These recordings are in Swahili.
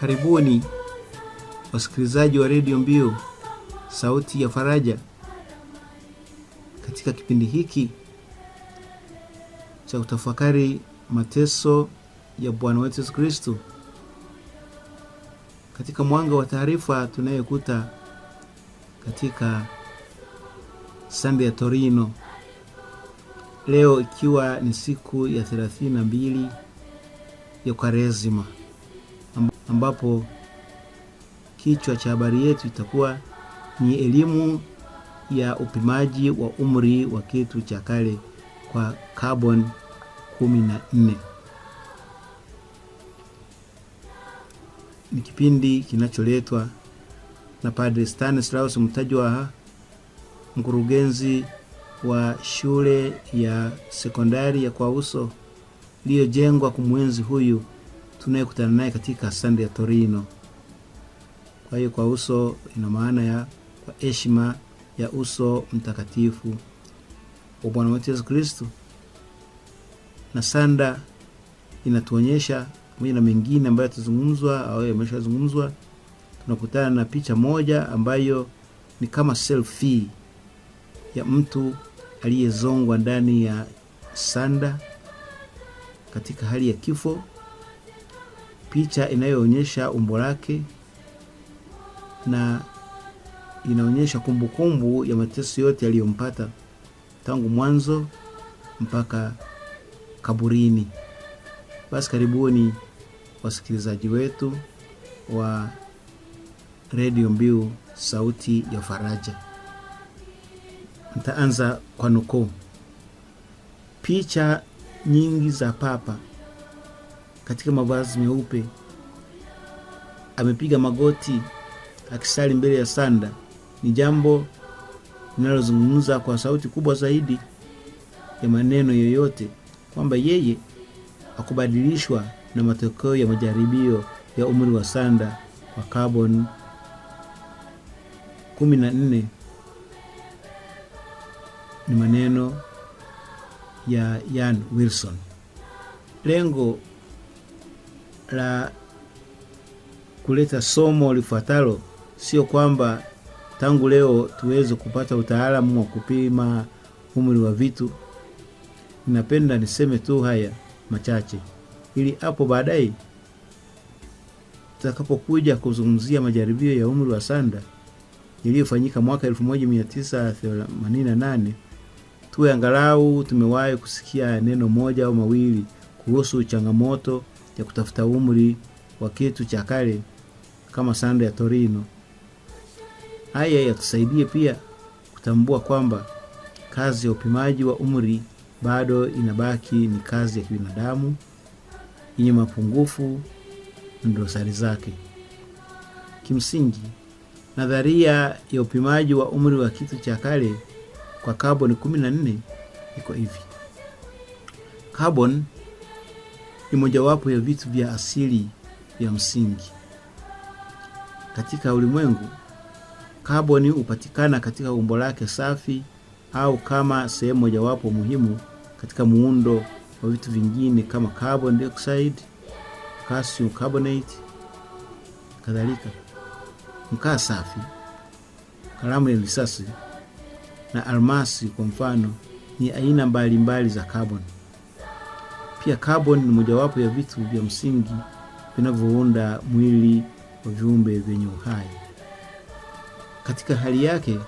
Karibuni wasikilizaji wa redio Mbiu sauti ya Faraja katika kipindi hiki cha kutafakari mateso ya Bwana wetu Yesu kristu katika mwanga wa taarifa tunayokuta katika Sande ya Torino, leo ikiwa ni siku ya 32 ya Kwaresima ambapo kichwa cha habari yetu itakuwa ni elimu ya upimaji wa umri wa kitu cha kale kwa carbon 14. Ni kipindi kinacholetwa na Padre Stanislaus Mutajwaha, mkurugenzi wa shule ya sekondari ya Kwauso iliyojengwa kumwenzi huyu tunayekutana naye katika sande ya Torino. Kwa hiyo kwa uso ina maana ya kwa heshima ya uso mtakatifu wa Bwana wetu Yesu Kristo, na sanda inatuonyesha pamoja na mengine ambayo yatazungumzwa au yameshazungumzwa, tunakutana na picha moja ambayo ni kama selfie ya mtu aliyezongwa ndani ya sanda katika hali ya kifo picha inayoonyesha umbo lake na inaonyesha kumbukumbu kumbu ya mateso yote yaliyompata tangu mwanzo mpaka kaburini. Basi karibuni wasikilizaji wetu wa redio Mbiu sauti ya Faraja. Nitaanza kwa nukuu. Picha nyingi za Papa katika mavazi meupe, amepiga magoti akisali mbele ya sanda, ni jambo linalozungumza kwa sauti kubwa zaidi ya maneno yoyote kwamba yeye hakubadilishwa na matokeo ya majaribio ya umri wa sanda wa carbon 14. Ni maneno ya yan Wilson. Lengo la kuleta somo lifuatalo sio kwamba tangu leo tuweze kupata utaalamu wa kupima umri wa vitu. Ninapenda niseme tu haya machache ili hapo baadaye tutakapokuja kuzungumzia majaribio ya umri wa sanda yaliyofanyika mwaka 1988 tuwe angalau tumewahi kusikia neno moja au mawili kuhusu changamoto ya kutafuta umri wa kitu cha kale kama sanda ya Torino. Haya yatusaidie pia kutambua kwamba kazi ya upimaji wa umri bado inabaki ni kazi ya kibinadamu yenye mapungufu na dosari zake. Kimsingi, nadharia ya upimaji wa umri wa kitu cha kale kwa kaboni 14 iko hivi: Carbon ni mojawapo ya vitu vya asili vya msingi. Katika ulimwengu, kaboni hupatikana katika umbo lake safi au kama sehemu mojawapo muhimu katika muundo wa vitu vingine kama carbon dioxide, calcium carbonate, kadhalika. Mkaa safi, kalamu ya risasi na almasi kwa mfano ni aina mbalimbali mbali za kaboni pia carbon ni mojawapo ya vitu vya msingi vinavyounda mwili wa viumbe vyenye uhai. Katika hali yake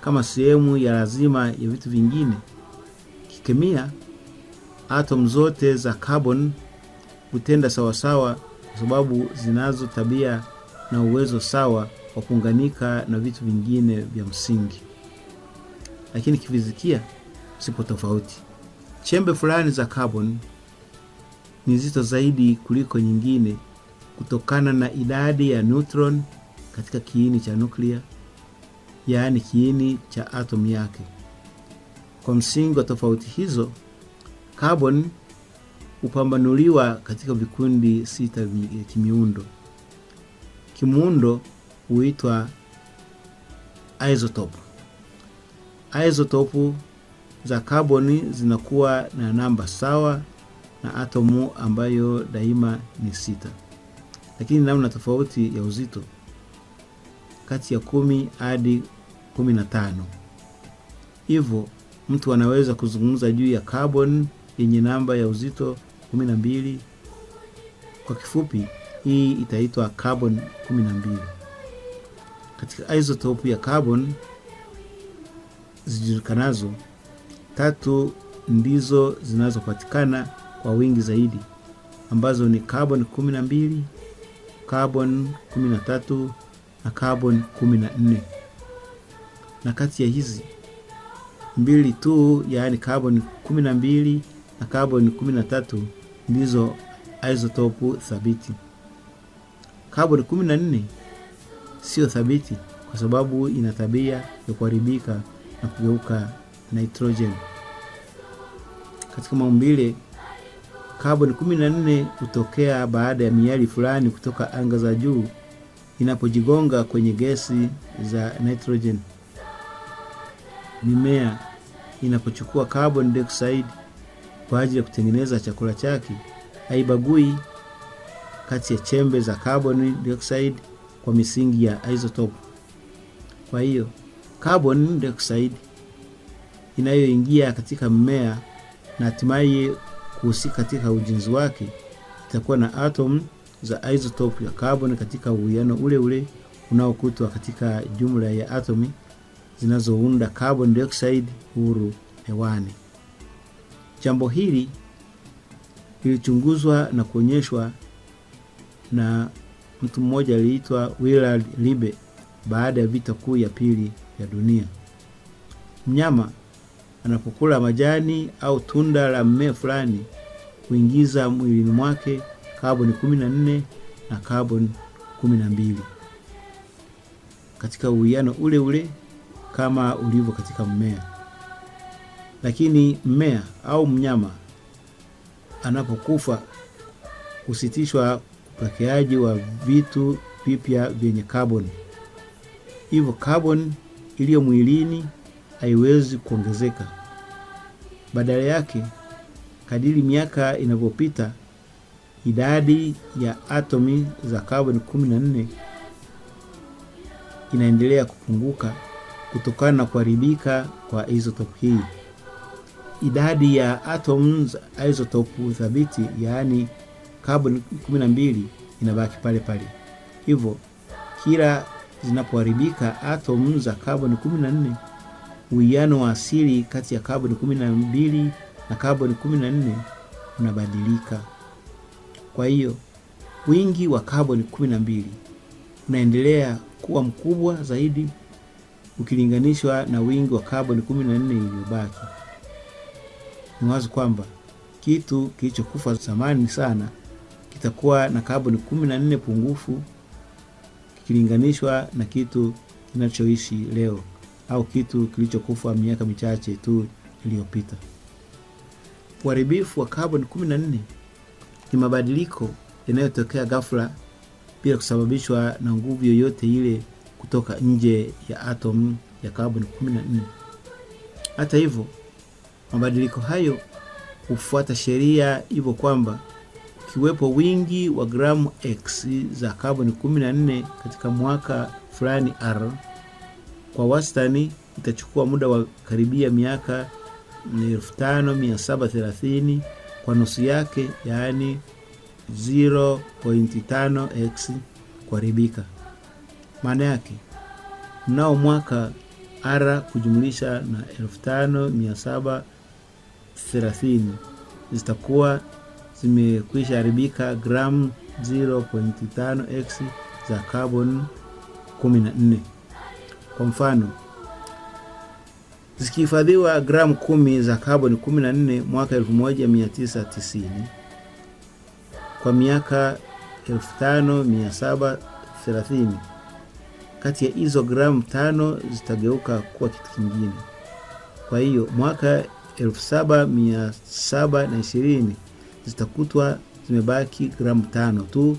kama sehemu ya lazima ya vitu vingine, kikemia, atom zote za carbon hutenda sawasawa kwa sababu zinazo tabia na uwezo sawa wa kuunganika na vitu vingine vya msingi, lakini kifizikia sipo tofauti. Chembe fulani za carbon ni nzito zaidi kuliko nyingine kutokana na idadi ya neutron katika kiini cha nuklia, yaani kiini cha atomu yake. Kwa msingi wa tofauti hizo, carbon hupambanuliwa katika vikundi sita vya eh, kimiundo. Kimuundo huitwa isotope. Isotope za kaboni zinakuwa na namba sawa na atomu ambayo daima ni sita, lakini namna tofauti ya uzito kati ya kumi hadi kumi na tano. Hivyo mtu anaweza kuzungumza juu ya kaboni yenye namba ya uzito kumi na mbili. Kwa kifupi, hii itaitwa kaboni kumi na mbili. Katika isotopu ya kaboni zijulikanazo tatu ndizo zinazopatikana kwa wingi zaidi ambazo ni carbon 12, carbon 13 na carbon 14. Na kati ya hizi mbili tu, yaani carbon 12 na carbon 13 ndizo isotopu thabiti. Carbon 14 sio thabiti kwa sababu ina tabia ya kuharibika na kugeuka nitrogen. Katika maumbile carbon 14 hutokea baada ya miali fulani kutoka anga za juu inapojigonga kwenye gesi za nitrogen. Mimea inapochukua carbon dioxide kwa ajili ya kutengeneza chakula chake haibagui kati ya chembe za carbon dioxide kwa misingi ya isotope. Kwa hiyo carbon dioxide inayoingia katika mmea na hatimaye kuhusika katika ujenzi wake itakuwa na atom za isotope ya carbon katika uwiano ule ule unaokutwa katika jumla ya atomi zinazounda carbon dioxide huru hewani. Jambo hili lilichunguzwa na kuonyeshwa na mtu mmoja aliitwa Willard Libe baada ya vita kuu ya pili ya dunia. Mnyama anapokula majani au tunda la mmea fulani kuingiza mwilini mwake kaboni 14 na kaboni 12 katika uwiano ule ule kama ulivyo katika mmea. Lakini mmea au mnyama anapokufa, husitishwa upakiaji wa vitu vipya vyenye kaboni. Hivyo kaboni iliyo mwilini haiwezi kuongezeka. Badala yake, kadiri miaka inavyopita, idadi ya atomi za kaboni 14 inaendelea kupunguka kutokana na kuharibika kwa isotopu hii. Idadi ya atomi za isotopu thabiti, yaani kaboni 12, inabaki pale pale. Hivyo kila zinapoharibika atomu za kaboni 14 uwiano wa asili kati ya kaboni 12 na na kaboni 14 unabadilika. Kwa hiyo wingi wa kaboni 12 unaendelea kuwa mkubwa zaidi ukilinganishwa na wingi wa kaboni 14 na iliyobaki. Ni wazi kwamba kitu kilichokufa zamani sana kitakuwa na kaboni kumi na pungufu kikilinganishwa na kitu kinachoishi leo au kitu kilichokufa miaka michache tu iliyopita. Uharibifu wa kaboni 14 ni mabadiliko yanayotokea ghafla bila kusababishwa na nguvu yoyote ile kutoka nje ya atom ya kaboni 14. Hata hivyo, mabadiliko hayo hufuata sheria hivyo kwamba ukiwepo wingi wa gramu x za kaboni 14 katika mwaka fulani R kwa wastani itachukua muda wa karibia miaka 5730 kwa nusu yake, yaani 0.5x kuharibika. Maana yake mnao mwaka R kujumlisha na 5730 zitakuwa zimekwisha haribika gramu 0.5x za carbon 14. Kwa mfano, zikihifadhiwa gramu kumi za kaboni 14 mwaka 1990 kwa miaka 5730 kati ya hizo gramu tano zitageuka kuwa kitu kingine. Kwa hiyo mwaka 7720 zitakutwa zimebaki gramu tano tu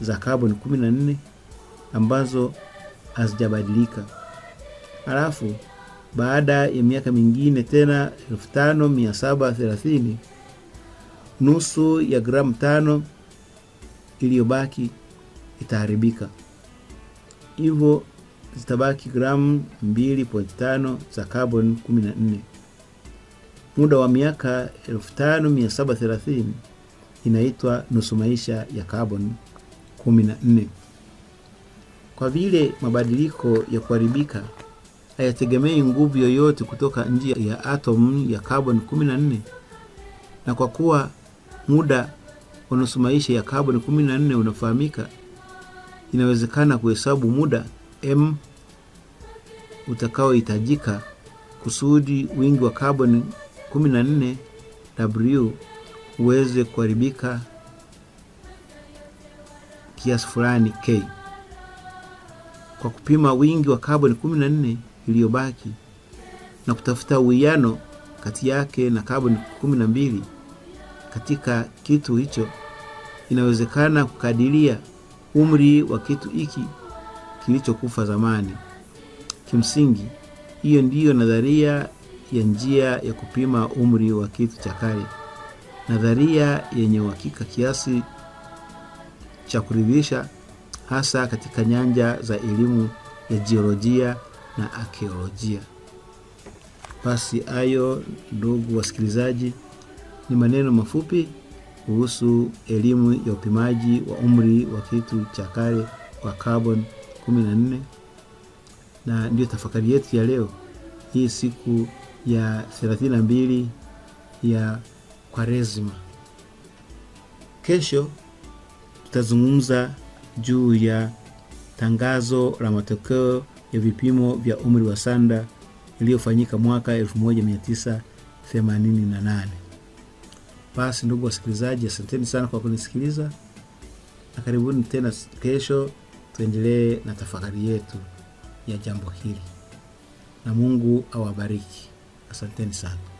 za kaboni 14 ambazo hazijabadilika. Halafu baada ya miaka mingine tena 5730 nusu ya gramu tano iliyobaki itaharibika, hivyo zitabaki gramu 2.5 za carbon 14. Muda wa miaka 5730 inaitwa nusu maisha ya carbon 14. Kwa vile mabadiliko ya kuharibika hayategemei nguvu yoyote kutoka nje ya atom ya carbon 14, na kwa kuwa muda wa nusu maisha ya carbon 14 unafahamika, inawezekana kuhesabu muda m utakaohitajika kusudi wingi wa carbon 14 W uweze kuharibika kiasi fulani K. Kwa kupima wingi wa carbon 14 iliyobaki na kutafuta uwiano kati yake na kaboni kumi na mbili katika kitu hicho. Inawezekana kukadiria umri wa kitu hiki kilichokufa zamani. Kimsingi, hiyo ndiyo nadharia ya njia ya kupima umri wa kitu cha kale, nadharia yenye uhakika kiasi cha kuridhisha, hasa katika nyanja za elimu ya jiolojia na arkeolojia. Basi hayo, ndugu wasikilizaji, ni maneno mafupi kuhusu elimu ya upimaji wa umri wa kitu cha kale kwa carbon 14, na ndiyo tafakari yetu ya leo hii siku ya 32 ya Kwaresima. Kesho tutazungumza juu ya tangazo la matokeo ya vipimo vya umri wa sanda iliyofanyika mwaka 1988. Basi ndugu wasikilizaji, asanteni sana kwa kunisikiliza na karibuni tena kesho, tuendelee na tafakari yetu ya jambo hili, na Mungu awabariki. Asanteni sana.